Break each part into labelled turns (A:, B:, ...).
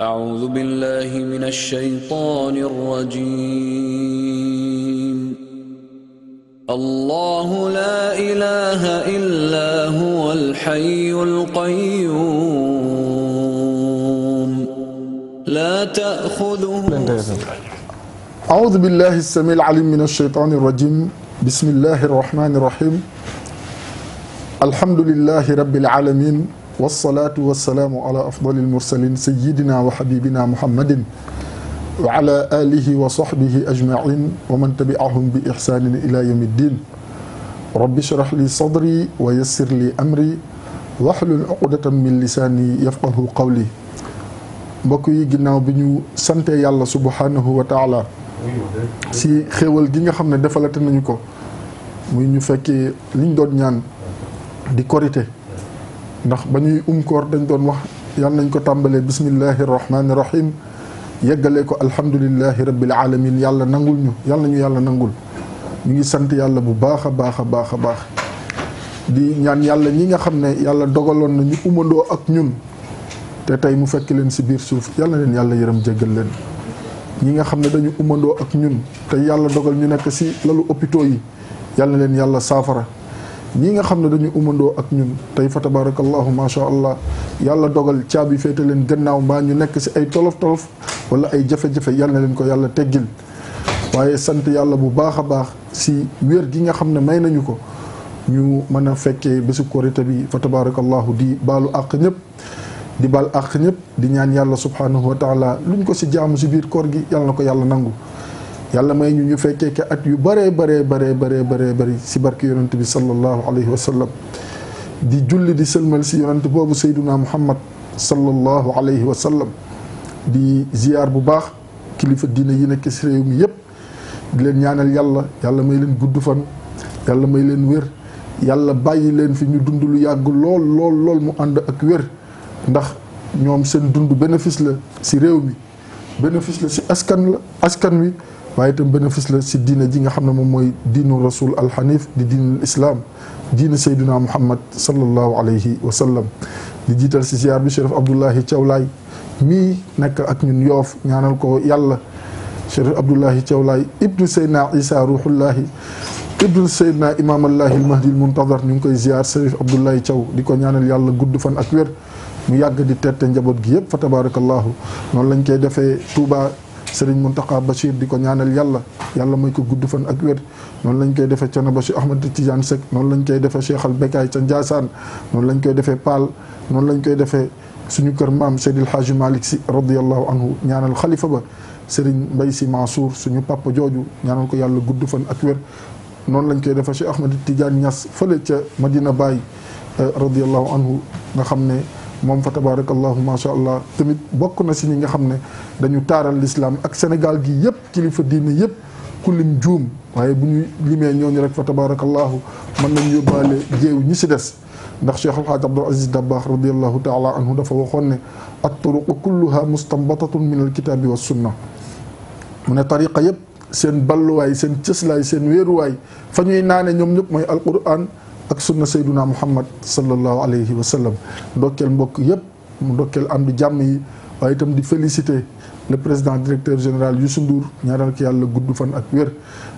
A: أعوذ بالله من الشيطان الرجيم الله لا إله إلا هو الحي القيوم
B: لا تأخذه
A: أعوذ بالله السميع العليم من الشيطان الرجيم بسم الله الرحمن الرحيم الحمد لله رب العالمين wasalaatu wasalaamu ala afdalil mursalin sayyidina wa xabibina muhammadin wa ala alihi wa sahbihi ajmain wa man tabiahum bi ixsaanin ila yawmi ddin rabbi shrah li sadri wa yassir li amri waxlul uqdatan min lisaani yafqahu qawli mbokk yi ginnaaw bi ñu sante yàlla subhanahu wa taala si xéewal gi nga xam ne defalate nañu ko muy ñu fekkee liñ doon ñaan di korite ndax ba ñuy um koor dañ doon wax yal nañ ko tàmbalee bismillahi rahmaani rahim yeggalee ko alhamdulilahi rabbil alamin yàlla nangul ñu yal nañu yàlla nangul ñu ngi sant yàlla bu baax a baax a baax a baax di ñaan yàlla ñi nga xam ne yàlla dogaloon na ñu umandoo ak ñun te tey mu fekk leen si biir suuf yàlla leen yàlla yaram jéggal leen ñi nga xam ne dañu umandoo ak ñun te yàlla dogal ñu nekk si lalu hôpitaux yi yàlla leen yàlla saafara ñi nga xam ne dañu umandoo ak ñun tey fa tabarakallahu ma sha allah yàlla dogal caabi féete leen gannaaw mbaa ñu nekk si ay tolof tolof wala ay jafe-jafe yal na leen ko yàlla teggil waaye sant yàlla bu baax a baax si wér gi nga xam ne may nañu ko ñu mën a fekkee bésu korite bi fa tabarakallahu di baalu àq ñëpp di baal àq ñëpp di ñaan yàlla subhanahu wa taala ñu ko si jaamu si biir koor gi yàlla na ko yàlla nangu yàlla may ñu ñu fekkee ke at yu bëree bëree bëree bëree bëree bëri si barke yonent bi sallallahu alayhi wa sallam di julli di sëlmal si yonent boobu sayduna muhammad sallallahu alayhi wa sallam di ziyaar bu baax kilifa dina yi nekk si réew mi yëpp di leen ñaanal yàlla yàlla may leen gudd fan yàlla may leen wér yàlla bàyyi leen fi ñu dund lu yàgg lool lool lool mu ànd ak wér ndax ñoom seen dund bénéfice la si réew mi bénéfice la si askan la askan wi waaye itam bénéfice la si diine ji nga xam ne moom mooy diinu rasul alxanif di diinul islaam diine sayduna muhammad sallallahu alayhi wa sallam di jiital si ziar bi Chérif Abdoulahi Thiawlaay mii nekk ak ñun yoof ñaanal ko yàlla Chérif Abdoulahi Thiawlaay ibnu saydna isa ruhullahi ibnu saydna imaamallahi almahdi almuntadar ñu ngi koy ziar Chérif Abdoulahi Thiaw di ko ñaanal yàlla gudd fan ak wér mu yàgg di tette njaboot gi yëpp fa tabarakallahu noonu lañ koy defee Touba Serigne ba Bachir di ko ñaanal yàlla yàlla mooy ko gudd fan ak wér noonu lañ koy defee Thiénaba Cheikh Ahmed Tidiane Seck noonu lañ koy defee Cheikh Al Bekaay ca Ndiassane noonu lañ koy defee Paal noonu lañ koy defee suñu kër maam Seydil Hadji Malick Sy radiyallahu anhu ñaanal xalifa ba Serigne Mbaye Sy Mansour suñu papa jooju ñaanal ko yàlla gudd fan ak wér noonu lañ koy defee Cheikh Ahmed Tidiane Niass fële ca Madina Baye eh, radiyallahu anhu nga xam ne moom fa tabarakallahu macha allah tamit bokk na si ñi nga xam ne dañu taaral lislaam ak Sénégal gi yëpp kilifa diine yëpp ku lim juum waaye bu ñu limee ñooñu rek fa tabarakallahu mën nañu yóbbaale jéew ñi si des ndax Cheikh Alhaaj Abdul Aziz Dabakh radiallahu taala anhu dafa waxoon ne at-turuqu kulluha mustanbatatun min alkitaabi wa sunna mu ne tariqa yëpp seen balluwaay seen cëslaay seen wéeruwaay fa ñuy naane ñoom ñëpp mooy alquran ak sunna sayduna muhammad sallallahu alayhi wa sallam ndokkeel mbokk yëpp mu ndokkeel am di jàmm yi waaye itam di félicité la président directeur général Youssou Ndour ñaanal ko yàlla gudd fan ak wér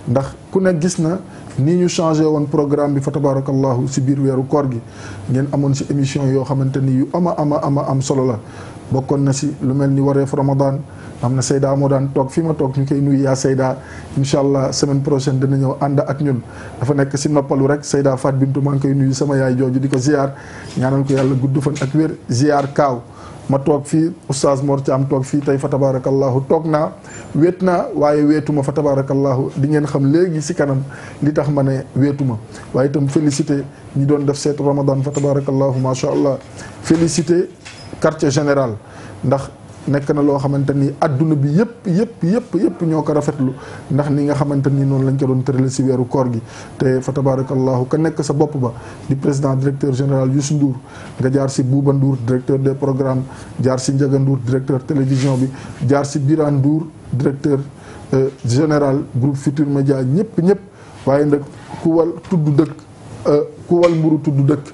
A: ndax ku ne gis na nii ñu changé woon programme bi fa tabarakallahu si biir weeru koor gi ngeen amoon si émission yoo xamante ni yu ama ama ama am solo la bokkoon na si lu mel ni wareef Ramadan am na Seyda moo daan toog fi ma toog ñu koy nuyu yaa Seyda incha allah semaine prochaine dina ñëw ànd ak ñun. dafa nekk si noppalu rek Seyda Fat Bintu ma ngi koy nuyu sama yaay jooju di ko ziar ñaanal ko yàlla gudd fan ak wér ziar kaaw. ma toog fii oustaz Mor Thiam toog fii tey fa tabarakallahu toog naa wéet naa waaye weetuma fa tabarakallahu di ngeen xam léegi si kanam li tax ma ne weetuma waaye itam félicité ñi doon def seetu ramadan fa tabarakallahu ma sha allah félicité quartier général ndax nekk na loo xamante ni adduna bi yëpp yëpp yëpp yëpp ñoo ko rafetlu ndax ni nga xamante ni noonu lañ ko doon tërale si weeru koor gi te fa tabarakallahu ka nekk sa bopp ba di président directeur général Youssou Ndour nga jaar si Bouba nduur directeur des programme jaar si Ndiaga nduur directeur télévision bi jaar si Birane Ndour directeur euh, général groupe Futur Média ñëpp ñëpp waaye nag ku wal tudd dëkk euh, ku wal mburu tudd dëkk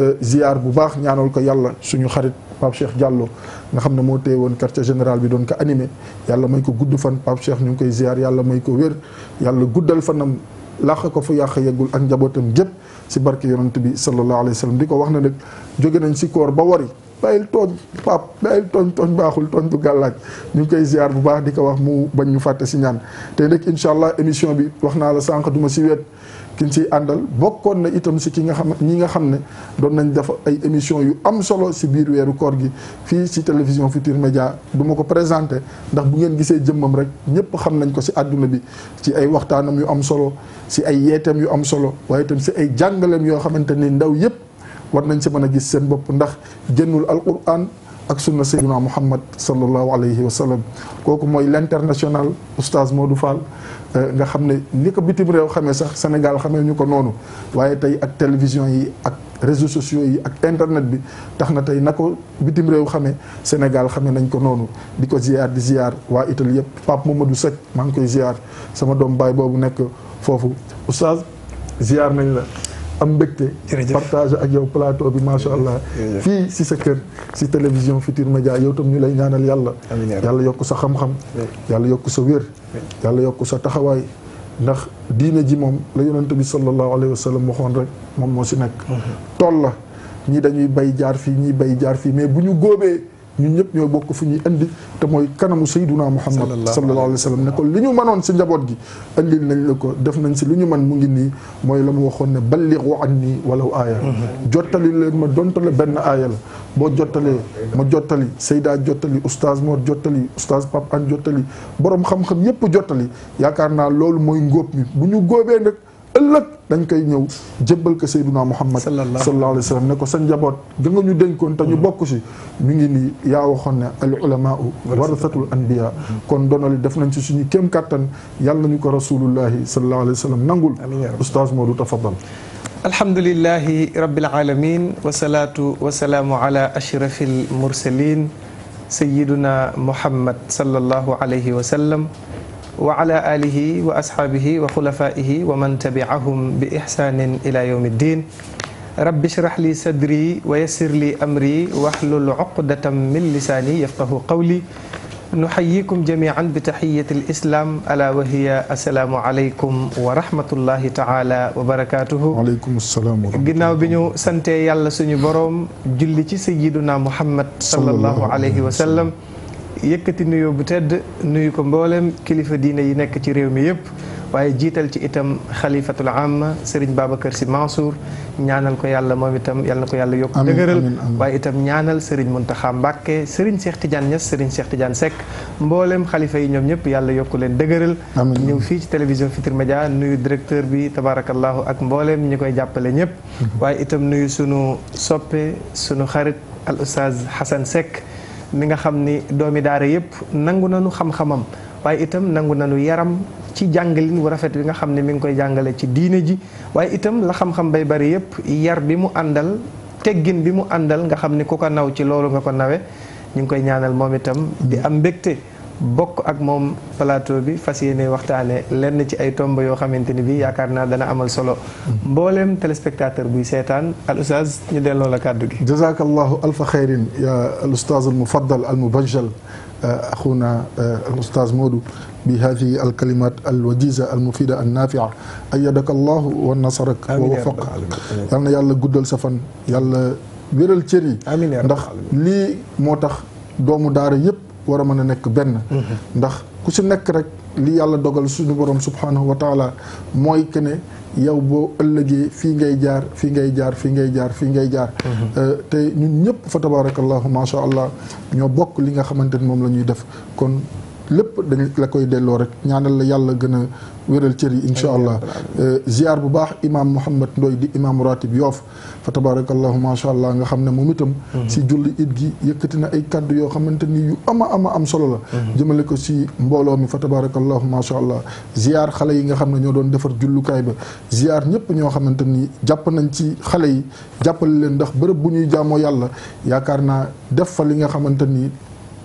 A: euh, ziar bu baax ñaanal ko yàlla suñu xarit Pape Cheikh jàlloo nga xam ne moo téye woon quartier général bi doon ko animé yàlla may ko gudd fan Pape Cheikh ñu ngi koy ziar yàlla may ko wér yàlla guddal fanam làq ko fu yàq yeggul ak njabootam gépp si barke yonent bi sallallahu alayhi wa sallam di ko wax ne nag jóge nañ si koor ba wari bàyyil tooñ pap bàyyil tooñ tooñ baaxul tooñ du gàllaaj ñu ngi koy ziar bu baax di ko wax mu bañ ñu fàtte si ñaan tey nag incha allah émission bi wax naa la sànq duma si wet kin siy àndal bokkoon na itam si ki nga xam ñi nga xam ne doon nañ def ay émission yu am solo si biir weeru koor gi fii si télévision Futur Média duma ko présenté ndax bu ngeen gisee jëmmam rek ñëpp xam nañ ko si àdduna bi ci ay waxtaanam yu am solo si ay yeeteem yu am solo waaye itam si ay jàngaleem yoo xamante ni ndaw yëpp war nañ si mën a gis seen bopp ndax jënnul alquran ak sunna sayyidina muhammad sallallahu alayhi wa sallam kooku mooy l'international oustaz du Fall euh, nga xam ne ni ko bitim réew xamee sax Sénégal xamee ñu ko noonu waaye tey ak télévision yi ak réseaux sociaux yi ak internet bi tax na tey na ko bitim réew xamee Sénégal xamee nañ ko noonu di ko ziar di ziar waa Italie yëpp Pape Mamadou Seck maa ngi koy ziar sama doom baay boobu nekk foofu oustaz ziar nañu la am mbégte partage ak yow plateau bi macha allah fii si sa kër si télévision Futur Média yow tam ñu lay ñaanal yàlla yàlla yokk sa xam-xam yàlla yokk sa wér yàlla yokk sa taxawaay ndax diine ji moom la yonent bi sallallahu alayhi wa waxoon rek moom moo si nekk mhm. tool la ñi dañuy bay jaar fii ñi bay jaar fii mais bu ñu góobee ñun ñëpp ñooy bokk fu ñuy indi te mooy kanamu sayyiduna muhammad sallallahu alayhi wa sallam ne ko li ñu mënoon si njaboot gi andil nañ la ko def nañ si lu ñu man mu ngi nii mooy la mu waxoon ne ballighu anni walaw aaya jottali leen ma dontale benn aaya la boo jottalee ma jottali sayda jottali oustaz Mor jottali oustaz Pape An jottali boroom xam-xam yëpp jottali yaakaar naa loolu mooy ngóob mi bu ñu góobee nag ëllëg dañ koy ñëw jébbal ko Seydina Muhammad sallallahu alayhi wa sallam ne ko sa njaboot ga nga ñu dénkoon te ñu mm-hmm. bokk si ñu ngi nii yaa waxoon ne al ulamaau warasatul anbiya mm-hmm. kon donali def nañ si suñu kéem kattan yàlla nañu ko rasulullahi sallallahu alayhi wa sallam nangul oustaz Modou
B: tafadal alhamdulilahi rabbil alamin wasalatu wasalaamu ala ashrafil mursalin sayiduna muhammad sallallahu alayhi wa sallam wa ala alihi wa ashaabihi wa xulafaihi wa man tabiahum bi ihsanin ila yawmi ddin rabbi shrah li sadri wa yassir li amri wahlul uqdatam min lisaani yafqahu qawli nuxayikum jamian bi taxiyati lislam ala wahiya asalaamu aleykum wa rahmatullahi taala wa barakaatuhu aleykum salaam ginnaaw bi ñu santee yàlla suñu boroom julli ci sayiduna muhammad sallallahu alayhi wa sallam yëkkati nuyoo bu tedd nuyu ko mboolem kilifa diine yi nekk ci réew mi yëpp waaye jiital ci itam xalifatul amma Serigne Babacar Sy Mansour ñaanal ko yàlla moom itam yàlla ko yàlla yokk dëgëral waaye itam ñaanal Serigne Mountakha Mbacké Serigne Cheikh Tidiane Niass Serigne Cheikh Tidiane Seck mboolem xalifa yi ñoom ñëpp yàlla yokk leen dëgëral ñëw fii ci télévision Futurs Médias nuyu directeur bi tabarakallahu ak mbooleem ñu koy jàppale ñëpp waaye itam nuyu sunu soppee sunu xarit al oustaz Hassan Seck mi nga xam ni doomi daare yëpp nangu nañu xam-xamam waaye itam nangu nañu yaram ci jàngalin bu rafet bi nga xam ne mi ngi koy jàngale ci diine ji waaye itam la xam-xam bay bari yëpp yar bi mu àndal teggin bi mu àndal nga xam ni ku ko naw ci loolu nga ko nawe ñu ngi koy ñaanal moom itam di am mbégte bokk ak moom plateau bi fas yéene waxtaane lenn ci ay tomb yoo xamante ni bi yaakaar naa dana amal solo mbooleem téléspectateur buy seetaan al oustaz ñu delloo la kàddu gi jazakallahu alfa
A: xeyrin ya al oustaz al mufaddal al mubajjal eh, axuna eh, al oustaz Modou bi hadihi al kalimat al wajiza al mufida an nafia ayadaka allahu wa nasarak wa wafaq yal na yàlla guddal sa fan yàlla wéral cër yi ndax lii moo tax doomu daara yëpp war a mën a nekk benn ndax ku si nekk rek li yàlla dogal suñu borom subhanahu wa taala mooy que ne yow boo ëllëgee fii ngay jaar fii ngay jaar fii ngay jaar fii ngay jaar mm-hmm. te ñun ñëpp fa tabarakallahu ma sha allah ñoo bokk li nga xamante ne moom lañuy ñuy def kon lépp dañ la koy delloo rek ñaanal la yàlla gën a wéral cër yi incha allah euh, ziar bu baax imam Mouhamed Ndoy di imam ratib yoof fa tabarakallahu macha allah nga xam ne moom itam mm-hmm. si julli it gi yëkkati la mm-hmm. jëmale ko si mbooloo mi fa tabarakallahu macha allah ziar xale yi nga xam ne ñoo doon defar jullukaay ba ziar ñëpp ñoo xamante ni jàpp nañ ci xale yi jàppale leen ndax bërëb bu ñuy jaamoo yàlla yaakaar naa def fa li nga xamante ni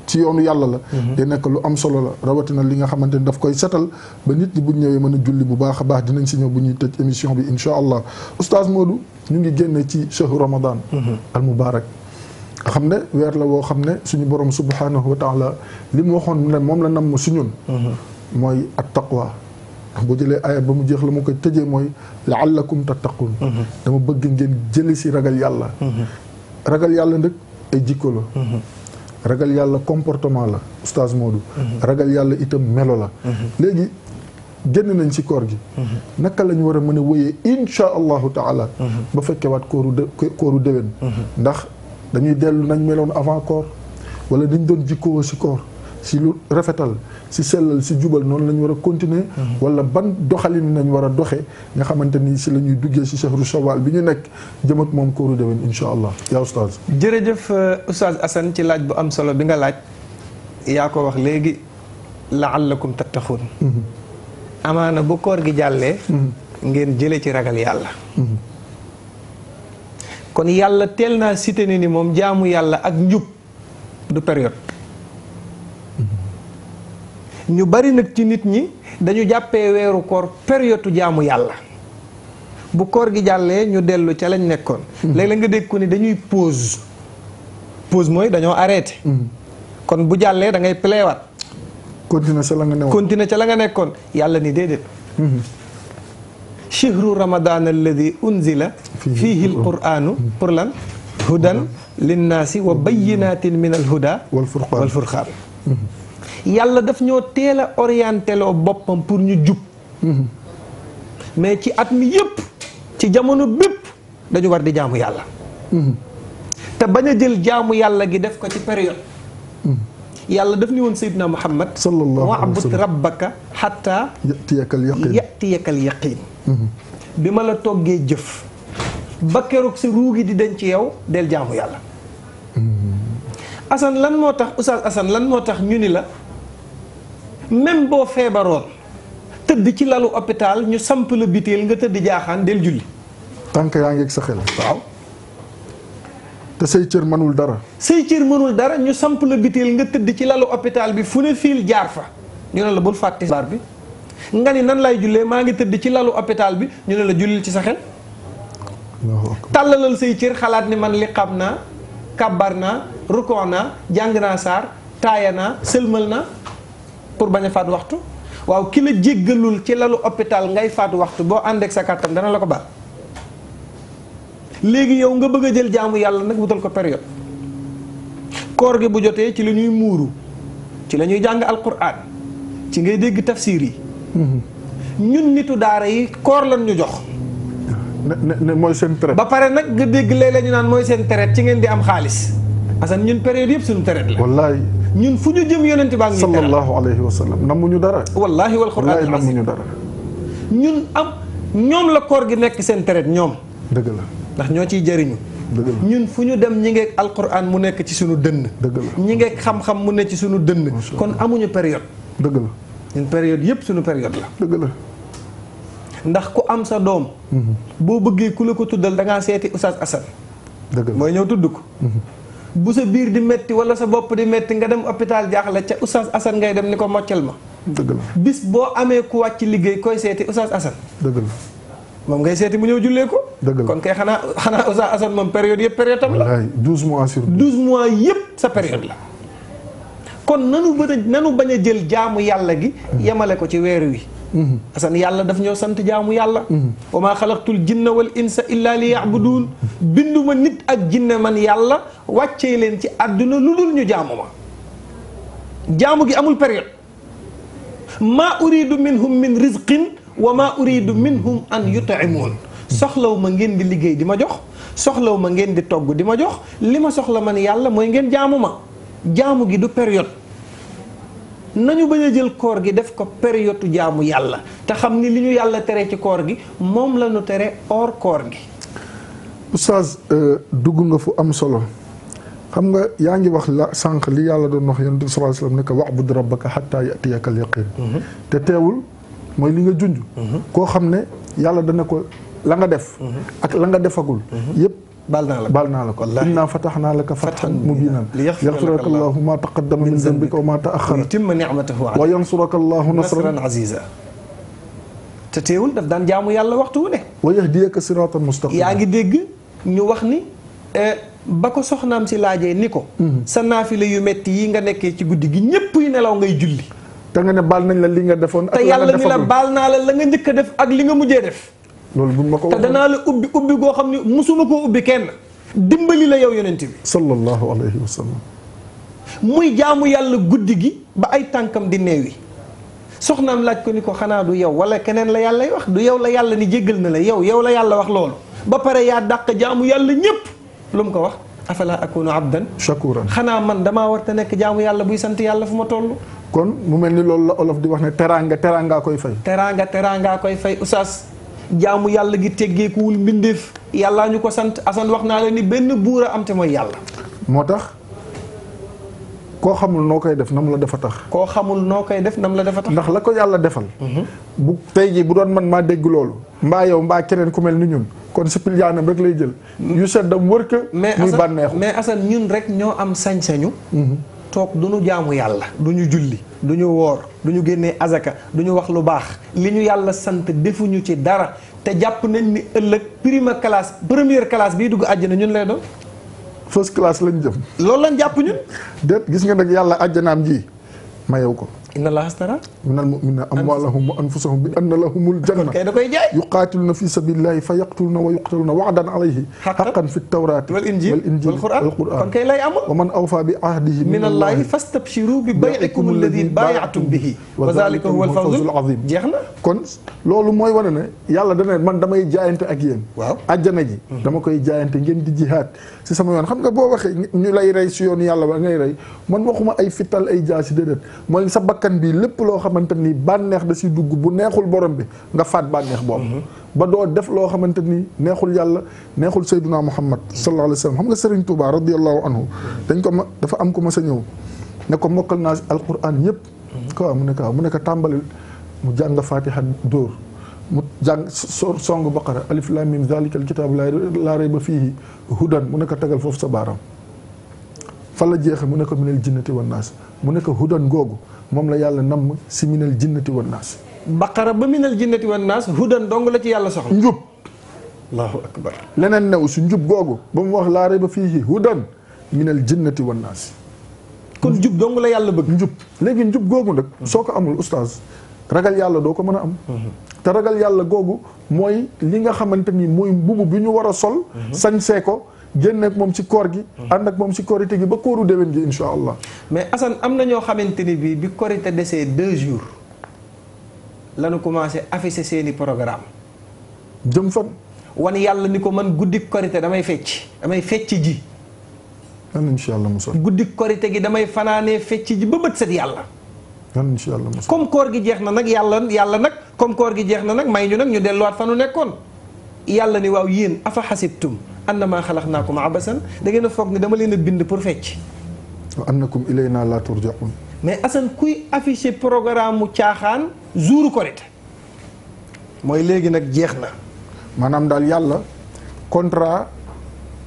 A: ci yoonu yàlla la mhm. di nekk lu am solo la rawatina li nga xamante ni daf koy setal ba nit ñi bu ñëwee mën a julli bu baax a baax dinañ si ñëw bu ñuy tëj émission bi incha allah oustaz Modou ñu ngi génne ci chahru ramadan mhm. al mubarak xam ne weer la woo xam ne suñu borom subhanahu wa taala li mu waxoon ne moom la namm si ñun mhm. mooy at taqwa boo jëlee aaya ba mu jeex la mu koy tëjee mooy laallakum tattaqun dama bëgg ngeen jëli si ragal yàlla ragal yàlla nag ay jikko ragal yàlla comportement la oustaz Modou ragal yàlla itam melo la léegi génn nañ ci koor gi naka la ñu war a mën a wéyee insha allahu taala ba fekkewaat kooru de kooru déwén ndax dañuy dellu nañ meloon avant koor wala niñ doon jikkoo ci koor si lu rafetal si sellal si jubal noonu lañu ñu war a continuer mhm. wala ban doxalin nañ war a doxe nga xamante ni si la ñuy duggee si shahru shawal bi ñu nekk jëm ak moom kóoru déwén incha allah yaa oustaz
B: jërëjëf euh, oustaz Assane ci laaj bu am solo bi nga laaj yaa ko wax léegi la laallakum tattaxuun mhm. amaana bu koor gi jàllee mhm. ngeen jële ci ragal yàlla kon yàlla teel naa cité ni moom jaamu yàlla ak njub du période ñu bari nag ci nit ñi dañu jàppee weeru koor période jaamu yàlla bu koor gi jàllee ñu dellu ca lañ nekkoon hmm. léeg la nga dégg ni dañuy pause pause mooy dañoo arrêté hmm. kon bu jàllee da ngay pleewaat continuer ca la nga nekkoon continuer ca la nga nekkoon yàlla ni déedéet chihru hmm. ramadan alladi unzila fiihi alquranu pour lan hudan linnaasi wa bayinatin min alhuda wal furqaan yàlla daf ñoo teel a orienté loo boppam pour ñu jub mais ci at mi yëpp ci jamono bépp dañu war di jaamu yàlla te bañ a jël jaamu yàlla gi def ko ci période yàlla daf ni woon Seydina Muhammad sallallahu alayhi wa sallam wa'bud rabbaka xatta yatiyakal yaqin yatiyakal yaqin mhm. bi ma la toggee jëf ba keroog sa ruugi di denc ci yow del jaamu yàlla mhm. asan lan moo tax Oustaz Assane lan moo tax ñu ni la même boo feebaroon tëdd ci lalu hôpital ñu samp la biteel nga tëdd jaaxaan del julli.
A: tànk yaa ngi sa xel te
B: say cër mënul dara. say cër mënul dara ñu samp la biteel nga tëdd ci lalu hôpital bi fu ne fiil jaar fa ñu ne la bul fàtte baar bi nga ni nan lay jullee maa ngi tëdd ci lalu hôpital bi ñu ne la jullil ci sa xel. tàllalal say cër xalaat ni man li xam naa kàbbar naa rukkoo naa jàng naa saar taaya naa sëlmal naa. pour bañ a faat waxtu waaw ki la jéggalul ci lalu hôpital ngay faat waxtu boo àndeek sa kàttan dana la ko baal léegi yow nga bëgg a jël jaamu yàlla nag wutal ko période koor gi bu jotee ci la ñuy muuru ci la ñuy jàng alquran ci ngay dégg tafsir yi ñun nitu daara yi koor lan ñu jox mooy seen traite ba pare nag nga dégg lee léeg ñu naan mooy seen traite ci ngeen di am xaalis asan ñun période yëpp suñu traite la wallaay ñun fu ñu jëm yonent baa ngi sallallahu alayhi wa sallam namuñu dara wallaahi wal quraan namuñu dara ñun am ñoom la koor gi nekk seen tereet ñoom dëgg la ndax ñoo ciy jëriñu ñun fu ñu dem ñi ngeeg alquran mu nekk ci suñu dënn dëgg la ñi ngeeg xam-xam mu nekk ci suñu dënn kon amuñu période dëgg la ñun période yëpp suñu période la dëgg la ndax ku am sa doom mhm. boo bëggee ku la ko tuddal da ngaa seeti Oustaz Assane dëgg mooy ñëw tudd ko mhm. bu sa biir di métti wala sa bopp di métti nga dem hôpital jaaxle ca Oustaz Assane ngay dem ni ko moccal ma. dëgg la bis boo amee ku wàcc liggéey koy seeti Oustaz Assane. dëgg la. moom ngay seeti mu ñëw jullee ko. dëgg la kon kay xanaa xanaa Oustaz Assane moom période yëpp période tam la. wallaay douze mois sur douze mois yëpp sa période kon nanu bëgg nanu bañ a jël jaamu yàlla gi. Hmm. yemale ko ci weer wi. asan yàlla daf ñoo sant jaamu yàlla wa maa xalaqtul jinna wal insa illa li yaabuduun binduma nit ak jinne man yàlla wàcce leen ci àdduna lu dul ñu jaamu ma jaamu gi amul période maa uridu minhum min rizqin wa maa uridu minhum an yut'imuun soxlaw ma ngeen di liggéey di ma jox soxlaw ma ngeen di togg di ma jox li ma soxla man yàlla mooy ngeen jaamu ma jaamu gi du période nañu bañ a jël koor gi def ko période jaamu yàlla te xam ni li ñu yàlla tere ci koor gi moom la ñu tere or koor gi.
A: oustaz euh, dugg nga fu am solo xam nga yaa ngi wax la sànq li yàlla doon wax yonent bi sallallahu alayhi wasallam ne ko wa'bud rabbaka hatta ya'tiyaka al-yaqin. Mhm. te teewul mooy li nga junj. Mhm. koo xam ne yàlla dana ko la nga def. Mhm. ak la nga defagul yépp baal naa la ko baal naa la ko inna fatahnaa laka fathan mubiinan liyaghfiraka llaahu maa taqaddama min dhanbika ko maa ta'akhkhara wa
B: yutimma ni'matahu alayka wa te teewul daf daan jaamu yàlla waxtu wu ne. wa yaa ngi dégg ñu wax ni. E, ba ko soxnaam si laajee ni ko. Mhm. sa naafila yu metti yi nga nekkee ci guddi gi ñëpp yu nelaw ngay julli. te nga ne baal nañ la li nga defoon. ak la nga defoon te baal naa la nga njëkk def ak li nga mujjee def. loolu bu ma ko te danaa la ubbi ubbi goo xam ne musuma koo ubbi kenn dimbali la yow yonent bi sallallahu alayhi wa sallam muy jaamu yàlla guddi gi ba ay tànkam di neewi soxnaam laaj ko ni ko xanaa du yow wala keneen la yàlla wax du yow la yàlla ni jéggal na la yow yow la yàlla wax loolu ba pare yaa dàq jaamu yàlla ñépp lu mu ko wax afala akunu abdan shakuran xanaa man damaa war te nekk jaamu yàlla buy sant yàlla fu ma toll kon mu mel ni loolu la olof di wax ne teraanga teraanga koy fay teraanga teraanga koy fay oustaz jaamu yàlla gi teggeekuwul mbindeef yàllaa ñu ko sant Assane wax naa la ni benn buur a am te mooy yàlla.
A: moo tax koo xamul noo koy def nam la dafa tax.
B: koo xamul noo koy def nam la dafa ndax
A: la ko yàlla defal. Mhm. bu tey bu doon man maa dégg loolu. mbaa yow mbaa keneen ku mel ni ñun. kon sipil jaanam rek lay jël. yu seddam wër ka.
B: mais Assane ñun rek ñoo am sañ-sañu. Mhm. toog du ñu jaamu yàlla du ñu julli du ñu woor du ñu génnee azaka du ñu wax lu baax li ñu yàlla sant defuñu ci dara te jàpp nañ ni ëllëg prima classe première classe bii dugg na ñun lay doon first class lañ jëm loolu lañ jàpp ñun déet gis nga nag yàlla àjjanaam ji mayew ko inna allaha ashtara
A: minal mu'minina amwaalahum wa anfusahum bi anna lahumul janna kay da koy jaay yuqaatiluna fi sabilillahi fa yaqtuluna wa yuqtaluna wa'dan alayhi haqqan fi tawrati wal injil wal qur'an kon kay lay am wa man awfa bi ahdihi minallahi fastabshiru bi bay'ikum alladhi bay'atum bihi wa dhalika huwa al-fawzul azim jeex na kon loolu mooy wane ne yàlla dana man damay jaayante ak yéen waaw ajjana ji hmm. dama koy jaayante ngeen di jihaad si sama yoon xam nga boo waxee ñu lay rey si yoonu yàlla ba ngay rey man waxuma ay fital ay jaasi déedéet mooy sa bakk bakkan bi lépp loo xamante ni bànneex da si dugg bu neexul borom bi nga faat bànneex boobu. Mm-hmm. ba doo def loo xamante ni neexul yàlla neexul sayduna muhammad sallallahu alayhi wa sallam xam nga Serigne Touba radiyallahu anhu dañ ko ma dafa am ko ma sa ñëw ne ko mokkal naa alquran yëpp. Mm-hmm. ko mu ne ko mu ne ko tàmbali mu mu jàng so song baqara alif lam mim zalika alkitab laa rayba fiihi hudan mu ko tegal foofu sa baaraam. fa la jeexee mu ne ko minal jinnati wan naas mu nekk ko hudan googu. moom la yàlla namm si minal
B: jinnati wan naas. baqara ba minal jinnati wan naas hudan dong la ci yàlla soxla. njub.
A: allahu leneen new si njub googu ba mu wax laa rayba fiihi hudan minal jinnati wan naas. kon njub dong la yàlla bëgg. njub léegi njub googu nag. soo ko amul oustaz ragal yàlla doo ko mën a am. te ragal yàlla googu mooy li nga xamante ni mooy mbubu bi ñu war a sol. Mhm. sañsee ko. génn ak moom ci koor gi. Hmm. ànd ak moom ci korité gi ba
B: kooru déwén gi incha allah. mais Assane am na ñoo xamante ni bii bi korité desee deux jours lañu commencé afficher seeni programme jëm fan. wan yàlla ni ko man guddi korité damay fecc damay fecc ji.
A: nan incha allah musa.
B: guddi korité gi damay fanaanee fecc ji ba bët set yàlla. nan incha allah musa. comme koor gi jeex na nag yàlla yàlla nag comme koor gi jeex na nag may ñu nag ñu delluwaat fa nu nekkoon. yàlla ni waaw yéen afa xasibtum annamaa xalaqnaakum abasan da ngeen a foog ne dama leen a bind pour fecc.
A: wa naa ilaynaa laa turjaun
B: mais Assane kuy affiché programme mu caaxaan zuuru korite mooy léegi nag jeex na.
A: maanaam daal yàlla contrat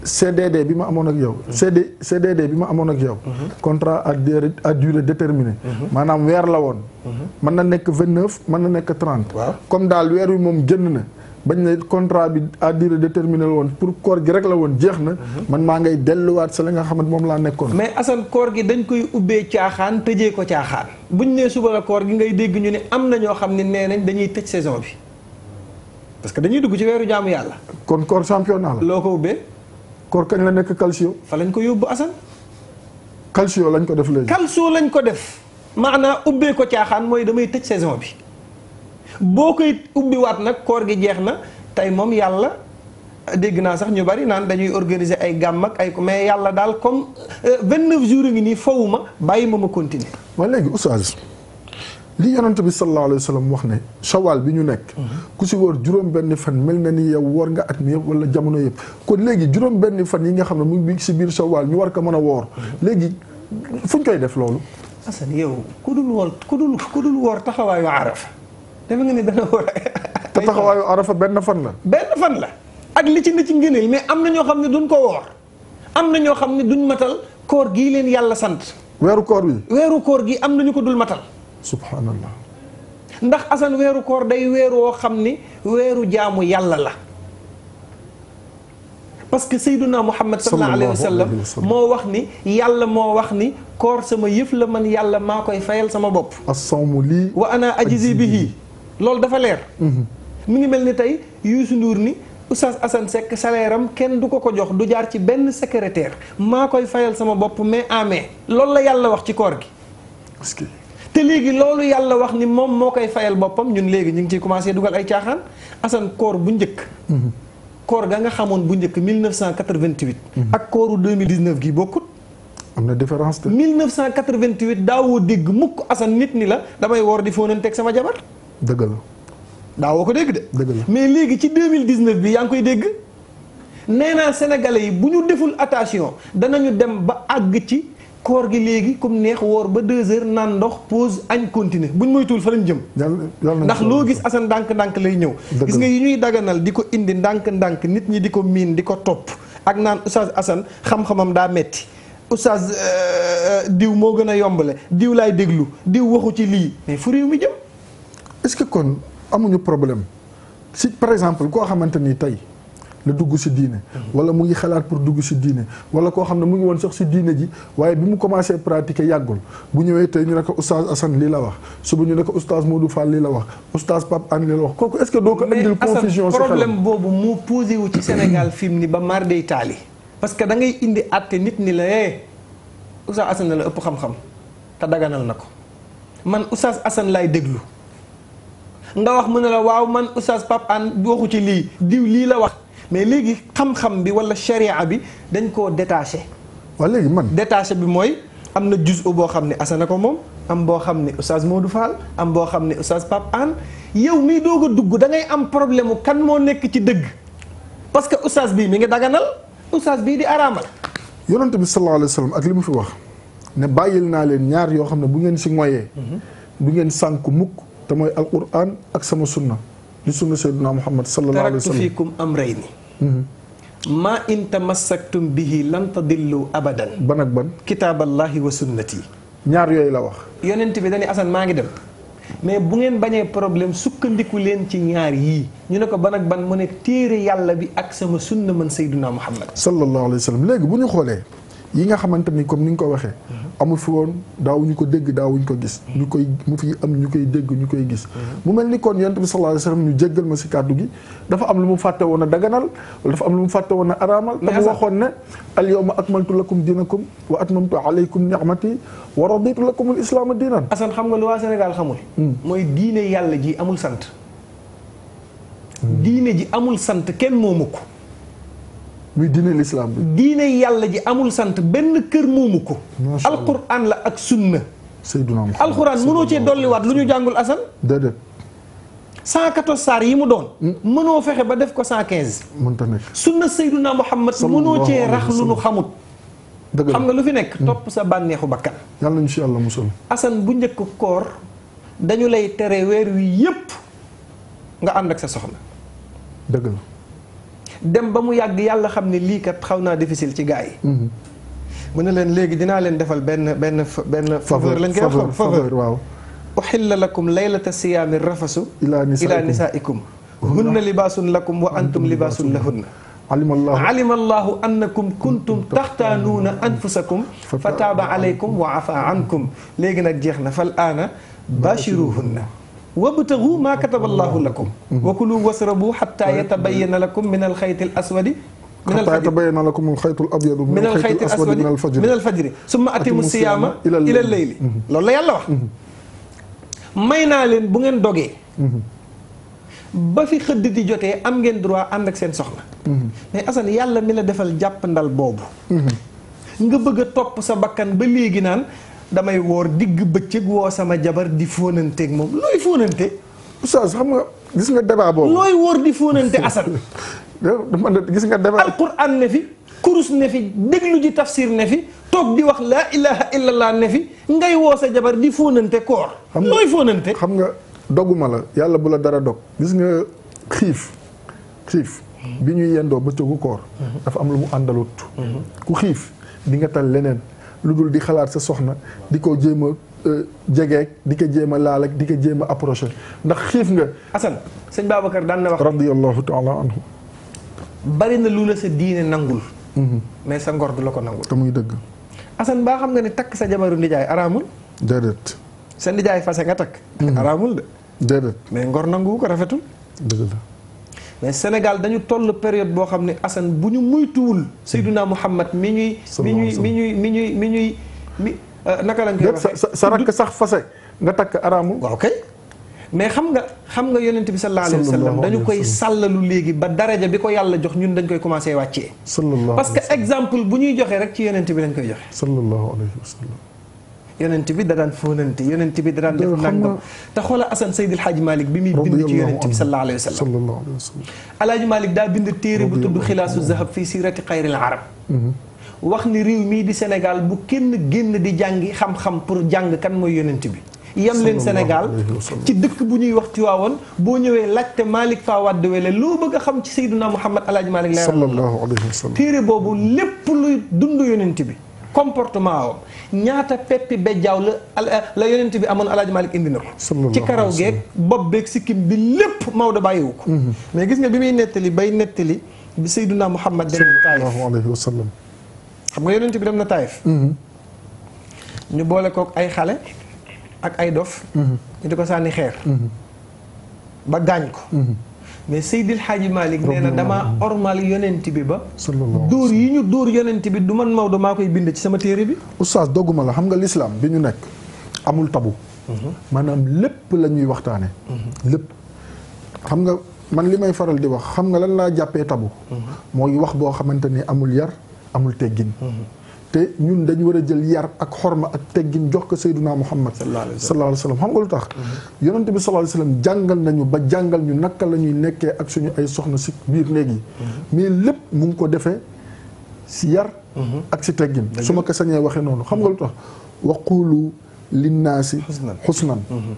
A: CDD bi ma amoon ak yow. Mhm. CD CDD bi ma amoon ak yow. Mhm. contrat à durée à durée déterminée. Mhm. maanaam weer la woon. mën na nekk vingt neuf mën na nekk trente. comme daal weer wi moom jënd na. bañ ne contrat bi à
B: durée déterminée woon pour koor gi rek la woon jeex na. Mhm. man maa ngay delluwaat sa la nga xamante moom laa nekkoon. mais Assane koor gi dañ koy ubbee caaxaan tëjee ko caaxaan. buñ nee suba la koor gi ngay dégg ñu ne am na ñoo xam ne nee nañ dañuy tëj saison bi parce que dañuy dugg ci weeru jaamu yàlla. kon koor championnat la. loo ko ubbee. koor kañ la nekk calcio. fa lañ ko yóbbu Assane. calcio lañ ko def léegi. calcio lañ ko def. maanaam ubbee ko caaxaan mooy damay tëj saison bi. boo koy ubbiwaat nag koor gi jeex na tey moom yàlla dégg naa sax ñu bari naan dañuy organiser ay gàmm ak ay mais yàlla daal comme 29 euh, jours ngi nii fawu ma bàyyi ma ma continuer. waaye léegi oustaz li yonent bi
A: sallallahu alayhi wa sallam wax ne shawal bi ñu mhm. si wóor juróom benni fan mel na ni yow woor nga at mi yëpp wala jamono yëpp kon léegi juróom benni fan yi nga xam ne mu ngi si biir shawal ñu war ko mën a woor mhm.
B: léegi fuñ koy def loolu. Assane yow ku dul woor ku dul ku dul woor taxawaayu Arafa defe nga ne dana war a. te arafa benn fan la. benn fan la ak li ci ne ci ngëneel mais am na ñoo xam ne duñ ko woor am na ñoo xam ne duñ matal koor gii leen yàlla sant. weeru koor bi. weeru koor gi am na ñu ko dul matal. subhanallah. ndax asan weeru koor day weeru woo xam ni weeru jaamu yàlla la. parce que naa muhammad sallallahu alayhi wa sallam moo wax ni yàlla moo wax ni koor sama yëf la man yàlla maa koy fayal sama bopp as lii wa ana ajzi bihi loolu dafa leer. Mhm. mi ngi mel ni tey Youssou Ndour ni Oustaz Assane Seck salaire am kenn du ko ko jox du jaar ci benn secrétaire maa koy fayal sama bopp mais amee ah, loolu la yàlla wax ci koor gi. parce que te léegi loolu yàlla wax ni moom moo koy fayal boppam ñun léegi ñu ngi ci commencé dugal ay caaxaan Assane koor bu njëkk. Mhm. koor ga nga xamoon bu njëkk 1988. Mhm. ak kooru 2019 gi bokkut. am na différence de. 1988 daawoo dégg mukk Assane nit ni la damay woor di teg sama jabar. dëgg la daawoo ko dégg de. dëgg la mais léegi ci 2019 bi yaa ngi koy dégg nee naa sénégalais yi bu ñu deful attention danañu dem ba àgg ci koor gi léegi comme neex woor ba deux heures naan ndox pause añ bu buñ moytuwul fa lañ jëm. ndax loo gis asan ndànk-ndànk lay ñëw. gis nga yi ñuy daganal di ko indi ndànk-ndànk nit ñi di ko miin di ko topp ak naan oustaz asan xam-xamam daa metti oustaz euh, euh, diw moo gën a yombale diw laay déglu diw waxu ci lii mais fu réew mi jëm.
A: est que kon amuñu problème si par exemple koo xamante ni tey la dugg si diine. wala mu ngi xalaat pour dugg si diine wala koo xam ne mu ngi woon sax si diine ji waaye bi mu commencé pratiquer yàggul bu ñëwee tey ñu ne ko oustaz Assane lii la wax suba ñu ne ko oustaz Modou Fall lii la wax oustaz Pape Anne lii la wax kooku est-ce que doo ko indil confusion si xel problème
B: boobu moo posé wu ci Sénégal fi mu ni ba mar day taali parce que dangay indi àtte nit ni la eh oustaz Assane la ëpp xam te daganal na ko man oustaz Assane laay déglu. nga wax mu ne la waaw man oustaz Pape Hann waxu ci lii diw lii la wax mais léegi xam-xam bi wala sharia bi dañ koo détaché. waaw léegi man détaché bi mooy am na jus boo xam ne asana ko moom am boo xam ne oustaz Modou Fall am boo xam ne oustaz Pape Hann yow mii doog a dugg da ngay am problème kan moo nekk ci dëgg parce que oustaz bii mi ngi daganal oustaz bii di araamal.
A: yonent bi sallallahu alayhi wa sallam ak wax ne bàyyil naa leen ñaar yoo xam ne bu ngeen si moyee. bu mhm. ngeen sànku mukk te mooy alquran ak sama sunna li sunna sayyidina muhammad sallallahu alayhi wa sallam taraktu
B: fiikum amrayni mhm. ma in tamassaktum bihi lan tadillu abadan ban ak ban kitaaballahi wa sunnati ñaar yooyu la wax yonent bi dañuy asan maa ngi dem mais bu ngeen bañee problème sukkandiku leen ci ñaar yii ñu ne ko ban ak ban mu ne téere yàlla bi ak sama sunna man sayyidina muhammad
A: sallallahu alayhi wa sallam léegi bu ñu xoolee yi nga xamante ni comme ni nga ko waxee mhm. amul fi woon daawuñu ko dégg daawuñu ko gis mhm. ñu koy mu fi am ñu koy dégg ñu koy gis mhm. mu mel ni kon yonent bi sallallahu alayhi wasallam ñu jéggal ma si kàddu gi dafa am lu mu fàtte woon a daganal wala dafa am lu mu fàtte woon a araamal te mu waxoon ne al yawma akmaltu lakum dinakum wa atmamtu
B: alaykum ni'mati wa raditu lakum al islaama diinan asan xam nga lu waa Sénégal xamul hmm. mooy diine yàlla ji amul sant hmm. diine ji amul sant kenn moomu ko muy diine lislaam bi diine yàlla ji amul sant benn kër moomu ko. alquran la ak sunna. Seydina Muhammad alquran mënoo cee dolliwaat lu ñu jàngul Assane. déedéet. 114 saar yi mu doon. Hmm? mënoo fexe ba def ko 115. mënta nekk sunna Seydina Muhammad mënoo cee rax lu nu xamut. dëgg xam nga lu fi nekk hmm. topp sa bànneexu bakkan. yàlla nañu si yàlla musal. Assane bu njëkk koor dañu lay tere weer wi yépp nga ànd ak sa soxna. dëgg la. dem ba mu yàgg yàlla xam ne lii kat xaw naa difficile ci gars yi. mu ne leen léegi dinaa leen defal benn benn benn. faveur lañ koy wax faveur waaw. uxilla lakum laylata siyaami rafasu. ilaa nisaikum hunna libaasun lakum wa antum libaasun lahunna alimallahu alimallahu annakum kuntum taxtaanuuna anfusakum fa taaba alaykum wa afa ankum léegi nag jeex na fal aana bashiruhunna wabtagu maa kataballahu lakum mm-hmm. wa kulu wasrabu xatta yatabayana lakum min alxayti al aswadi min alxayti yatabayana lakum alxaytu al abyadu min alxayti al aswadi min alfajri summa atimu siyaama ila leyli mm-hmm. loolu la yàlla wax mm-hmm. may naa leen bu ngeen dogee ba fi xëdd di jotee am ngeen droit ànd ak seen soxla mais Assane yàlla mi la defal jàpp ndal boobu nga bëgg a topp sa bakkan ba léegi naan damay woor digg bëccëg woo sama jabar di fóonanteeg moom looy fóonante. oustaz xam nga gis nga débat boobu. looy woor di fóonante Assane. gis nga débat alquran ne fi. kurus ne fi déglu ji tafsir ne fi toog di wax fi ngay woo sa jabar di fóonante koor. xam nga looy fóonante. xam nga
A: doguma la yàlla bu la dara dog. gis nga xiif xiif. Hmm. bi ñuy yendoo bëccëgu koor. Hmm. dafa am lu mu àndalut. Hmm. ku xiif di tal leneen. lu dul di xalaat sa soxna di ko jéem a euh, jegeek di ko jéem a laal ak di ko jéem a approché
B: ndax xiif nga. Assane sëñ Babacar daan na wax. radiyallahu taala anhu bari na lu la sa diine nangul. Mhm. mais sa ngor du la ko nangul. te muy dëgg. Assane baa xam nga ne takk sa jabaru nijaay araamul. déedéet. sa nijaay fase nga takk. Mhm. araamul de. déedéet mais ngor nangu ko rafetul. dëgg mais Sénégal dañu toll période boo xam ne Assane bu ñu muytuwul Seydina Mouhamed mi ñuy mi ñuy mi ñuy mi ñuy mi ñuy mi euh, naka lañ koy waxee sa rakk sax fase nga takk araamu waaw kay mais xam nga xam nga yonent bi sallallahu alayhi wa sallam dañu koy sàllalu léegi ba daraja bi ko yàlla jox ñun dañ koy commencé wàccee parce que exemple bu ñuy joxee rek ci yonent bi lañ koy joxe sallallahu alayhi yonent bi da daan fóonante yonent bi da daan def nangam te xoola Assane Seydil Hadj Malick bi muy bind ci yonent bi sallallahu alayhi wa sallam alaaji Malick daa bind téere bu tudd xilaasu zahab fii sirati xayril arab mhm. wax ni réew mii di Sénégal bu kenn génn di jàngi xam pour jàng kan mooy yonent bi yam leen Sénégal ci dëkk bu ñuy wax Tiwaawoon boo ñëwee laajte Malick Fa Wade Wele loo bëgg xam ci Seydina Mouhamad alaaji Malick la sallallahu alayhi wa sallam téere boobu lépp lu dund yonent bi comportement wam ñaata peppi bejjaaw la la yonent bi amoon alaaji Malick indi na ko ci karaw geeg bopp beeg sikkim bi lépp Maodo bàyyiwu ko mhm. mais gis nga bi muy nettali bay nettali bi Seydunaa Muhammad dem na Taayif
A: sallallahu alayhi wa sallam
B: xam nga yonent bi dem na Taayif mhm. ñu boole kook ay xale ak ay dof mhm. ñu di ko sànni xeer ba gaañ ko mais Seydil Hadji Malick nee na damaa ormal yonent bi ba dóor yi ñu dóor yonent bi du man Maodo maa koy bind ci sama téere bi oustaz dogguma la xam nga l'islam bi ñu nekk amul tabu mhm. maanaam lépp la ñuy waxtaane
A: mhm. lépp xam nga man li may faral di wax xam nga lan laa jàppee tabu mhm. mooy wax boo xamante ni amul yar amul teggin te ñun dañ war a jël yar ak xorma ak teggin jox ko Seydina Muhammad sallallahu alayhi wa sallam xam nga lu tax yonente bi sallallahu alayhi wa sallam jàngal nañu ba jàngal ñu naka la ñuy nekkee ak suñu ay soxna si biir néeg yi mhm. mais lépp mu ngi ko defee si yar mhm. ak si teggin su ma ko sañee waxee noonu xam nga lu tax waqulu linnaasi xusnan mhm.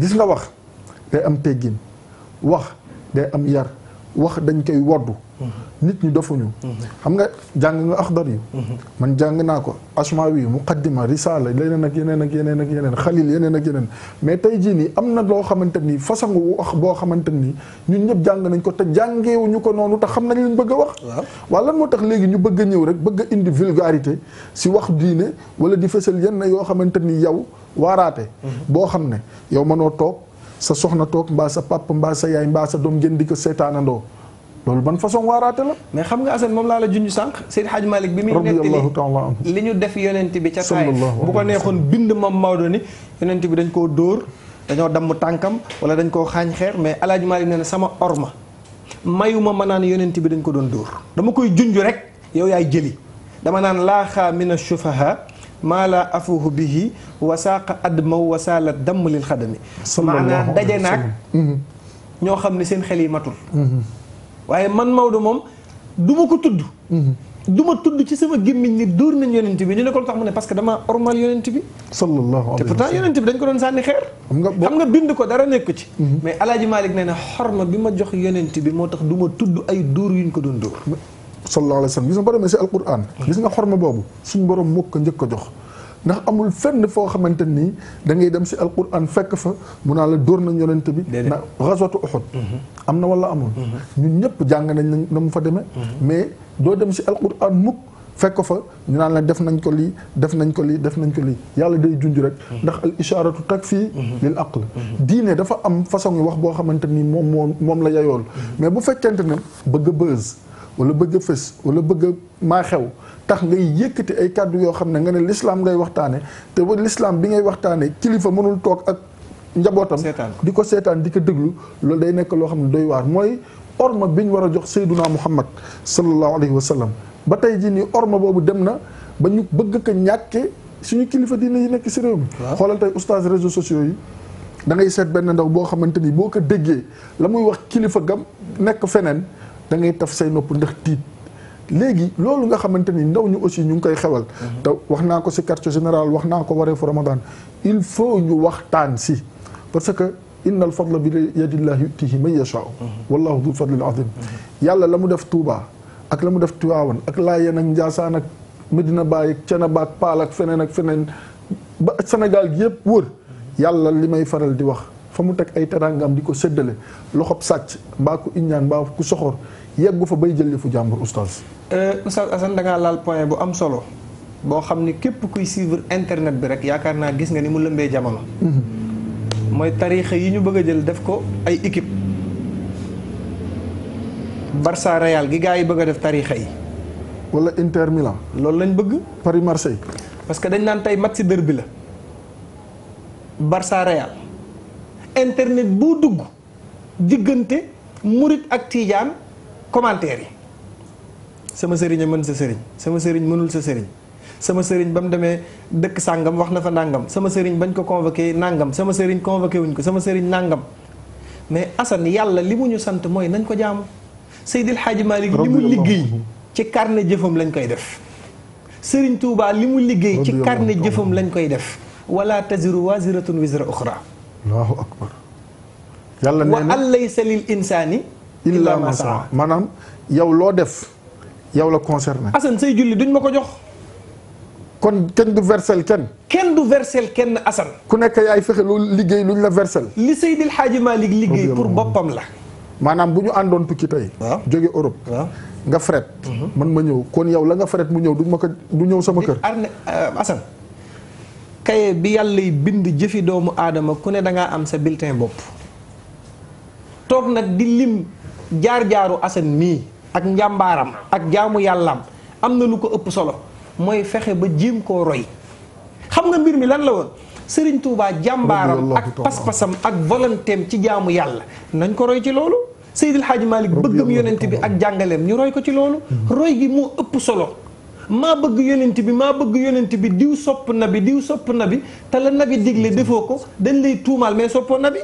A: gis nga wax day am teggin wax day am yar wax dañ koy woddu nit ñi dofuñu xam nga jàng nga axdar yi man jàng naa ko asma wi muqaddima risala leneen ak yeneen ak yeneen ak yeneen xalil yeneen ak yeneen mais tey jii nii am na loo xamante nii façon wax boo xamante nii ñun ñëpp jàng nañ ko te jàngeewu ñu ko noonu te xam nañ liñ bëgg a wax waaw lan moo tax léegi ñu bëgg a ñëw rek bëgg a indi vulgarité si wax diine wala di fësal yenn yoo xamante ni yow waaraate boo xam ne yow mënoo toog sa soxna toog mbaa sa papa mbaa sa yaay mbaa sa doom ngeen di ko seetaanandoo loolu ban façon waaraate la.
B: mais xam nga Assane moom laa la junj sànq. seen Hadj Malick bi muy nettali li ñu def yonent bi ca Taayif bu ko neexoon bind moom Maodo ni yonent bi dañ koo dóor dañoo damm tànkam wala dañ koo xaañ xeer mais El Hadj Malick nee na sama orma mayuma ma naan yonent bi dañ ko doon dóor. dama koy junj rek yow yaay jëli dama naan laaxaa mina shufaha maa laa afuhu bihi wasaaqa admaw wasaala damm lil xadami. maanaam daje naag mhm. ñoo xam ne seen xel yi matul. Mhm. waaye man Maodo moom du ma ko tudd. Mhm. du ma tudd ci sama gémmiñ ni dóor nañ yonent bi ñu ne ko lu tax mu ne parce que dama ormal yonent bi. sallallahu alayhi wa sallam bi dañ ko doon sànni xeer. xam nga bind ko dara nekk ci. Mhm. mais El Hadj Malick nee na xorma bi ma jox yonent bi moo tax duma tudd ay dóor yu ñu ko doon dóor. sallallahu alayhi wa bi gis nga boroom si alquran. gis nga xorma boobu suñu borom moo ko njëkk a jox.
A: ndax amul fenn foo xamante nii dangay dem si alquran fekk fa mu naa la dóor nañ yonent bi na rasatu uxud am na wala amul mm-hmm. ñun ñëpp jàng nañ nañ na mu fa demee mm-hmm. mais doo dem si alquran mukk fekk fa ñu naan la def nañ ko lii def nañ ko lii def nañ ko lii yàlla day junj rek mm-hmm. ndax al isharatu takfi lil aql diine dafa am façon wax boo xamante nii moom moom moom la yayool mais bu fekkente ne bëgg a buzz wala bëgg fës wala bëgg a maa xew tax ngay yëkkati ay kàddu yoo xam ne nga ne lislaam ngay waxtaane te ba lislaam bi ngay waxtaane kilifa mënul toog ak njabootam di ko seetaan di ko déglu loolu day nekk loo xam ne doy waar mooy bi ñu war a jox sayduna muhammad sallallahu alayhi wa sallam ba tey jii nii orma boobu dem na ba ñu bëgg ko ñàkke suñu kilifa diine yi nekk si réew mi xoolal te oustaz réseaux sociaux yi dangay seet benn ndaw boo xamante ni boo ko déggee la muy wax kilifa gam nekk feneen da ngay taf say nopp ndax tiit léegi loolu nga xamante ni ndaw ñu aussi ñu ngi koy xewal mhm. te wax naa ko si quartier général wax naa ko waree wareefu Ramadan il faut ñu waxtaan si parce que inna al fadla bi yadillah yutihi man yashaa mhm. wallahu dul fadlil azim mhm. yàlla la mu def Touba ak la mu def Tiwaawan ak Laayeen ak Njaasaan ak Medina Baay ak Cenaba ak Paal ak feneen ak feneen ba Sénégal yëpp wër yàlla li may faral di wax fa mu teg ay teraangam di ko séddale loxob sàcc mbaa ku iñaan mbaa ku fa bay jël fu jàmbur
B: Euh, Oustaz Assane da ngaa laal point bu am solo boo xam ni képp kuy suivre internet bi rek yaakaar naa gis nga ni mu lëmbee jamono. Mhm. mooy tarixa yi ñu bëgg a jël def ko ay équipe Barça Real gi gars yi bëgg a def tarixa yi. wala Inter Milan. loolu lañ bëgg. Paris Marseille. parce que dañ naan tey match si bi la. Barça Real. internet boo dugg diggante murit ak tiijaan commentaire yi. sama sëriñ mën sa sëriñ sama sëriñ mënul sa sëriñ sama sëriñ ba mu demee dëkk sàngam wax na fa nàngam sama sëriñ bañ ko convoke nàngam sama sëriñ convoqué wuñ ko sama sëriñ nàngam mais Assane yàlla li mu ñu sant mooy nañ ko jàmm Seydil Hadji Malick li mu liggéey ci carnet jëfam lañ koy def Serigne Touba li mu liggéey ci carnet jëfam lañ koy def wala taziru waziratun wizra uxra
A: allahu akbar
B: yàlla nee na wa allaysa lil insaani illa ma saa maanaam yow loo def yow la concerné. Assane say julli duñ ma ko jox. kon kenn du versel kenn. kenn du versel kenn Assane. ku nekk yaay fexe lu liggéey luñ la versel. li Seydil Hadji Malick liggéey pour boppam la.
A: maanaam bu ñu àndoon tukki tey. waa jóge Europe. nga
B: fret. Mhm. man ma ñëw kon yow la nga fret mu ñëw duñ ma ko du ñëw sama kër. arne euh, Assane kaye bi yàlla bind jëfi doomu aadama ku ne da am sa bulletin bopp toog nag di lim jaar jaaru Assane mii. ak njàmbaaram ak jaamu yàllaam am na lu ko ëpp solo mooy fexe ba jéem koo roy xam nga mbir mi lan la woon Serigne Touba jàmbaaram ak pas-pasam ak volontéem ci jaamu yàlla nañ ko roy ci loolu Seydil Hadji Malick bëggam yonent bi ak jàngaleem ñu roy ko ci loolu roy gi moo ëpp solo maa bëgg yonent bi maa bëgg yonent bi diw sopp na bi diw sopp na bi te la nabi digle defoo ko dañ lay tuumaal mais soppoo na bi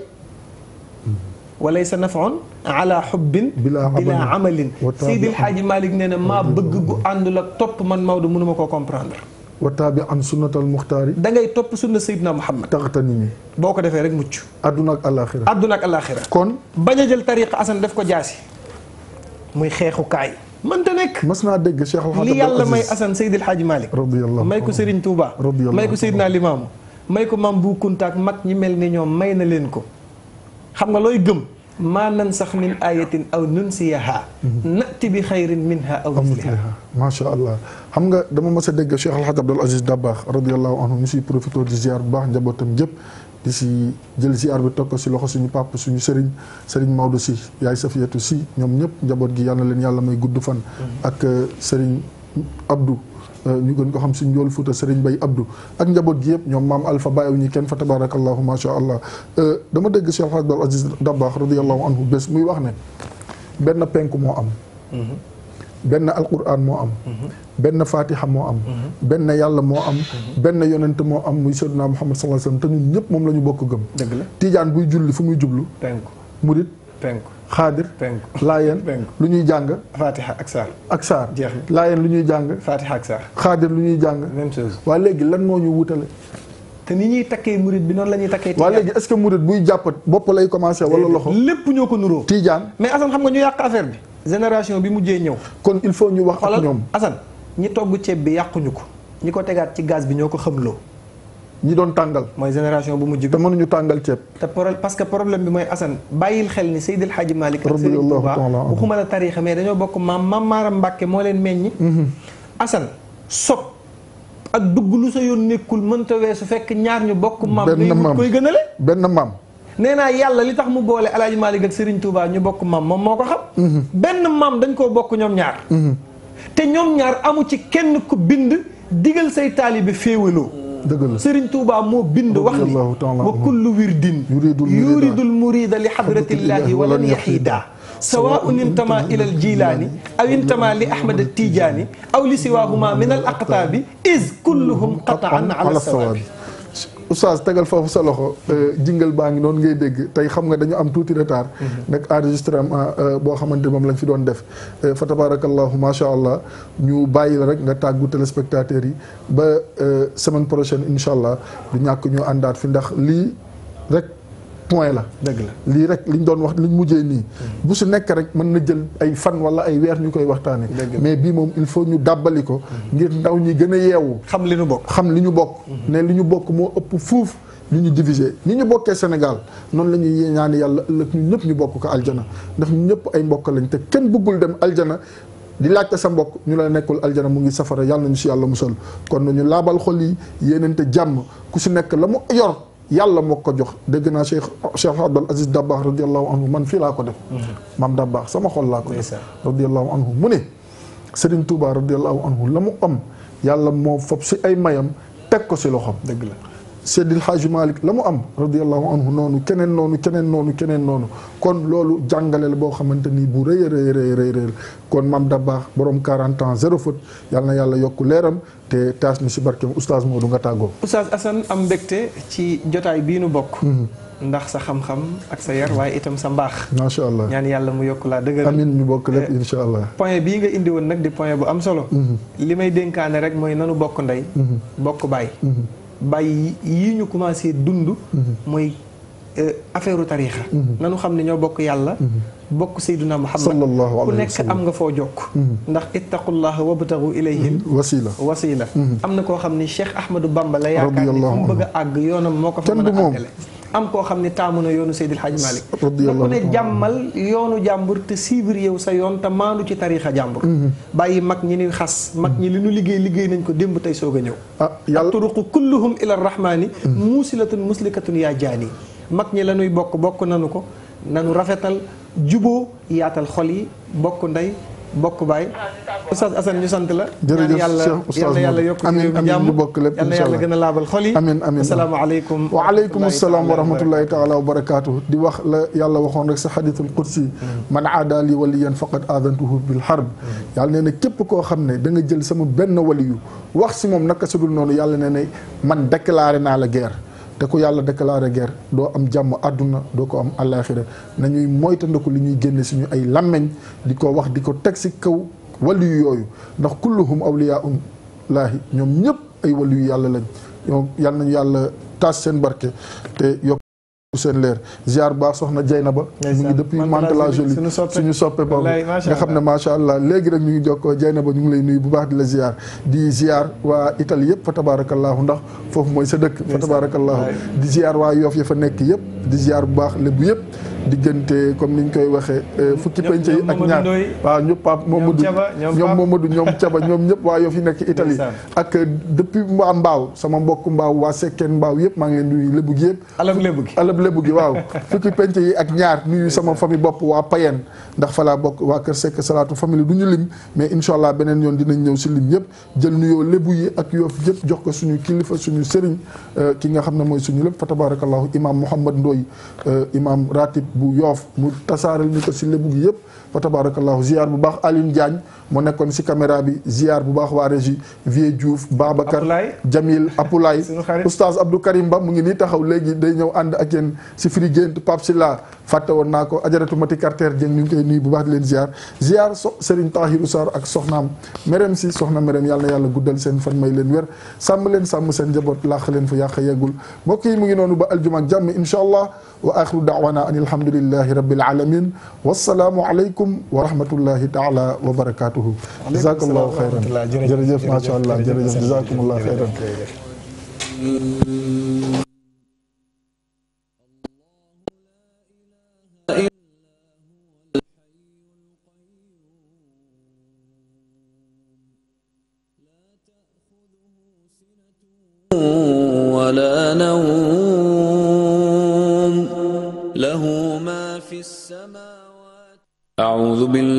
B: walaysa nafaun ala xubbin bila amalin Seydil Xaaji Malick nee na maa bëgg gu àndul ak topp man Maodo mënuma koo comprendre
A: wa taabi an sunnatal
B: muxtaari da ngay topp sunna Seydina Muhammad taxta ni mi boo ko defee rek mucc adduna ak alaxira adduna kon bañ a jël tariqa asan def ko jaasi muy xeexukaay mënta nekk mas naa dëgg Cheikh Al Hadj Abdoul Aziz li yàlla may Assane Seydil Hadj Malick radiyallahu may ko Serigne Touba radiyallahu may ko Seydina Limaamu may ko Maam Bu Kunta ak mag ñi mel ni ñoom may na leen ko xam nga looy gëm maa nansax min ayatin aw nunsiyaha nati bi xayrin minha aw misliha
A: macha allah xam nga dama mës a dégg Cheikh Alhaj Abdul Aziz Dabakh radiallahu anhu ñu siy profité di ziar bu baax njabootam jëpp di si jël ziar bi tokk si loxo suñu pap suñu sëriñ sëriñ Maodo si yaay Safiyatu si ñoom ñëpp njaboot gi yàlla na leen yàlla may gudd fan mm-hmm. ak euh, sëriñ Abdou Euh, ñu gën ko xam si njool Fouta Serigne Bay Abdou ak njaboot gi yëpp ñoom maam Alpha ñu kenn fa tabarakallahu ma sha allah euh, dama dégg Cheikh Hadj Abdou Aziz Dabakh radiyallahu anhu bés muy wax ne benn penku moo am mm-hmm. benn alquran moo am mm-hmm. benn fatiha moo am mm-hmm. benn yàlla moo am benn yonent moo am muy seyduna muhammad sallallahu alayhi wasallam te ñun ñëpp moom la ñu bokk gëm tijaan buy julli fu muy jublu penku murit penku xaadir. penku laayeen lu ñuy jàng. fatiha ak saar. ak saar jeex na laayeen lu ñuy jàng. fatiha ak saar. xaadir lu ñuy jàng. même chose waaye léegi lan moo ñu
B: wutale. te ni ñuy takkee murid bi noonu la ñuy takkee. waa léegi est-ce que murid buy jàpp bopp lay commencé wala loxo. lépp ñoo ko nuroo. tiijaan mais Assane xam nga ñu yàq affaire bi. génération bi mujjee ñëw. kon il faut ñu wax ak ñoom Assane ñi togg ceeb bi yàquñu ko ñi ko tegaat ci gaz bi ñoo ko xamloo ñi doon tàngal. mooy génération bu mujj bi. te mënuñu tàngal ceeb. te parce que problème bi mooy asan bàyyil xel ni Seydil Hadji Malick. ak Serigne Touba waxuma la tariixa mais dañoo bokk maam maam Maaram Mbàkke moo leen meññi. Mm-hmm. Assane sob ak dugg lu sa yoon nekkul mënta weesu fekk ñaar ñu bokk. maam benn koy gënale benn maam. nee naa yàlla li tax mu boole El Hadj Malick ak Serigne Touba ñu bokk maam moom moo ko xam. Mm-hmm. benn maam dañ koo bokk ñoom ñaar. Mm-hmm. te ñoom ñaar amu ci kenn ko bind digal say taalibe féewaloo. dëgg la Serigne Touba moo bind wax ni wa kullu wirdin yuridul murida li xadratillaahi walan yaxiida sawaun intama ila al jilaani aw intama li ahmad al tijaani aw li siwaahuma min al aqtaabi is kulluhum qataan ala sawaabi
A: oustaz tegal foofu sa loxo euh, jingal baa ngi noonu ngay dégg tey xam nga dañu am tuuti retard mhm. nag enregistrement euh, boo xamante moom lañ fi doon def euh, fa tabarakallahu macha allah ñu bàyyi la rek nga tàggu téléspectateurs yi ba semaine prochaine incha allah du ñàkk ñu àndaat fi ndax lii rek point la. dëgg lii rek liñ doon wax liñ mujjee nii. bu su nekk rek mën na jël ay fan wala ay weer ñu koy waxtaanee. mais bii moom il faut ñu dàbbali ko. ngir ndaw ñi gën a yeewu. xam li ñu bokk xam li ñu bokk. Mhm. ne li ñu bokk moo ëpp fuuf. li ñu divisé ni ñu bokkee Sénégal noonu la ñuy ñaan yàlla ëllëg ñu ñëpp ñu bokk ko aljana ndax ñu ñëpp ay mbokk lañ te kenn bëggul dem aljana di laajte sa mbokk ñu la nekkul aljana mu ngi safara yàlla nañu si yàlla musal kon ñu laabal xol yi yéenante jàmm ku si nekk la mu yor. yàlla moo ko jox dégg naa Cheikh Cheikh Abdul Aziz Dabakh radiallahu anhu man fii laa ko def mhm. maam Dabakh sama xol laa ko def radiallahu anhu mu ne Serigne Touba radiallahu anhu la mu am yàlla moo fob si ay mayam teg ko si loxoom dëgg la Seydil Hadji Malick la mu am radiallahu anhu noonu keneen noonu keneen noonu keneen noonu kon loolu jàngale la boo xamante ni bu rëy a rëy rëy rëy kon Mame Dabakh borom 40 ans zéro faute yàlla na yàlla yokk leeram te taas ñu si barkeem oustaz Modou nga tàggoo.
B: oustaz Assane am mbégte ci jotaay bii nu bokk. Mhm. ndax sa xam-xam ak sa yar waaye itam sa mbaax macha allah ñaan yàlla mu yokk laa dëgëral amin
A: ñu bokk lépp eh, incha allah
B: point bii nga indi woon nag di point bu am solo mhm. li may dénkaane rek mooy nanu bokk ndey mhm. bokk baay bàyyi yi ñu commencé dund mhm. mooy euh, affaire tariixa mhm. nanu xam ne ñoo bokk yàlla mhm. bokk sayduna muhammad bu nekk am nga foo jokk ndax ittaqullaha wabtagu ilayhim wasila wasila am na koo xam ne cheikh ahmadou bamba la yaakaar ni mu bëgg a àgg yoonam moo ko fa mën a àggale am koo xam ne taamu na yoonu Seydil Hadj Malick na ku ne jàmmal yoonu jàmbur te siibir yow sa yoon te maandu ci tariixa jàmbur mhm. bàyyi mag ñi ni xas mag ñi li ñu liggéey liggéey nañ ko démb tey soog a ñëw ah, ak turuqu kulluhum ila rahmaani mhm. muusilatun muslikatun yaa jaani mag ñi la ñuy bokk bokk nanu ko nanu rafetal juboo yaatal xol yi bokk ndey bokk baay Oustaz Assane ñu sant la jërëjëf Cheikh na yàlla yokk amiin amiin lu bokk lépp yal na yàlla gën a laabal xol yi amiin amiin asalaamaaleykum waaleykum asalaam wa rahmatullahi
A: taala wa barakaatu di wax la yàlla waxoon rek sa xadiisul qudsi man aada li waliyan faqad aadantuhu bil harb yàlla nee na képp koo xam ne da nga jël sama benn waliyu wax si moom naka su dul noonu yàlla nee na man déclaré naa la guerre te ko yàlla déclaré ger doo am jàmm àdduna doo ko am àllaaxira nañuy moytandiku li ñuy génne suñu ay làmmeñ di ko wax di ko teg si kaw waliyu yooyu ndax kulluhum awliyaa'um laahi ñoom ñëpp ay waliyu yàlla lañ ñoom yal nañu yàlla taas seen barke te yokk seen leer ziar baax soxna Jeyna ba ñu ngi depuis Mantes-la Jolie suñu soppe nga xam ne macha allah léegi rek ñu ngi jokkoo Jeyna ba ñu ngi lay nuyu bu baax di la ziar di ziar waa Italie yëpp fa tabaarakallaahu ndax foofu mooy sa dëkk fa tabaarakallaahu di ziar waa Yoof ya fa nekk yëpp di ziar bu baax lébu yëpp diggante comme ni ñu koy waxee. Euh, fukki penc yi ak ñaar waaw ñoom Pape Momadou ñoom Momadou ñoom Caba ñoom ñëpp waa yoo fi nekk Italie. ak euh, depuis waa Mbaaw sama mbokk Mbaaw waa Sekkeen Mbaaw yëpp maa ngi leen nuyu lébu gi yëpp. alab lébu gi alab lébu gi waaw. fukki penc yi ak ñaar nuyu sama famille bopp waa Payen ndax fa laa bokk waa Kër Seck Salaatu famille du ñu lim mais incha allah beneen yoon dinañ ñëw si lim yëpp jël nuyoo lébu yi ak yoo fi yëpp jox ko suñu kilifa suñu sëriñ euh, ki nga xam ne mooy suñu lépp fa tabarakallahu imam Mouhamad Ndoy imam ratib bu yoof mu tasaaral ñu ko si lebu gi yëpp fa tabarakallahu ziar bu baax Aline Diagne mu nekkoon si caméra bi ziar bu baax waa régie Vieux Diouf Babacar Jamil Apoulaye oustaz Abdou Karim Ba mu ngi nii taxaw léegi day ñëw ànd ak yéen si firi gént Pape Silla fàtte woon naa ko ajaratu mati carter Dieng ñu ngi koy nuyu bu baax di leen ziar ziar so Serigne Tahirou Sarr ak soxnaam merem si soxna merem yàlla na yàlla guddal seen fan may leen wér sàmm leen sàmm seen njaboot laax leen fa yàq yeggul mbokk yi mu ngi noonu ba aljuma ak jàmm incha allah wa axiru daawana an alhamdulillahi rabbil alamin wassalaamu aleykum aleykum wa rahmatullahi taala wa barakatuhu jazakallahu xayran jërëjëf macha allah jërëjëf jazakumullahu xayran
B: ولا نوم له ما في السماء أعوذ بالله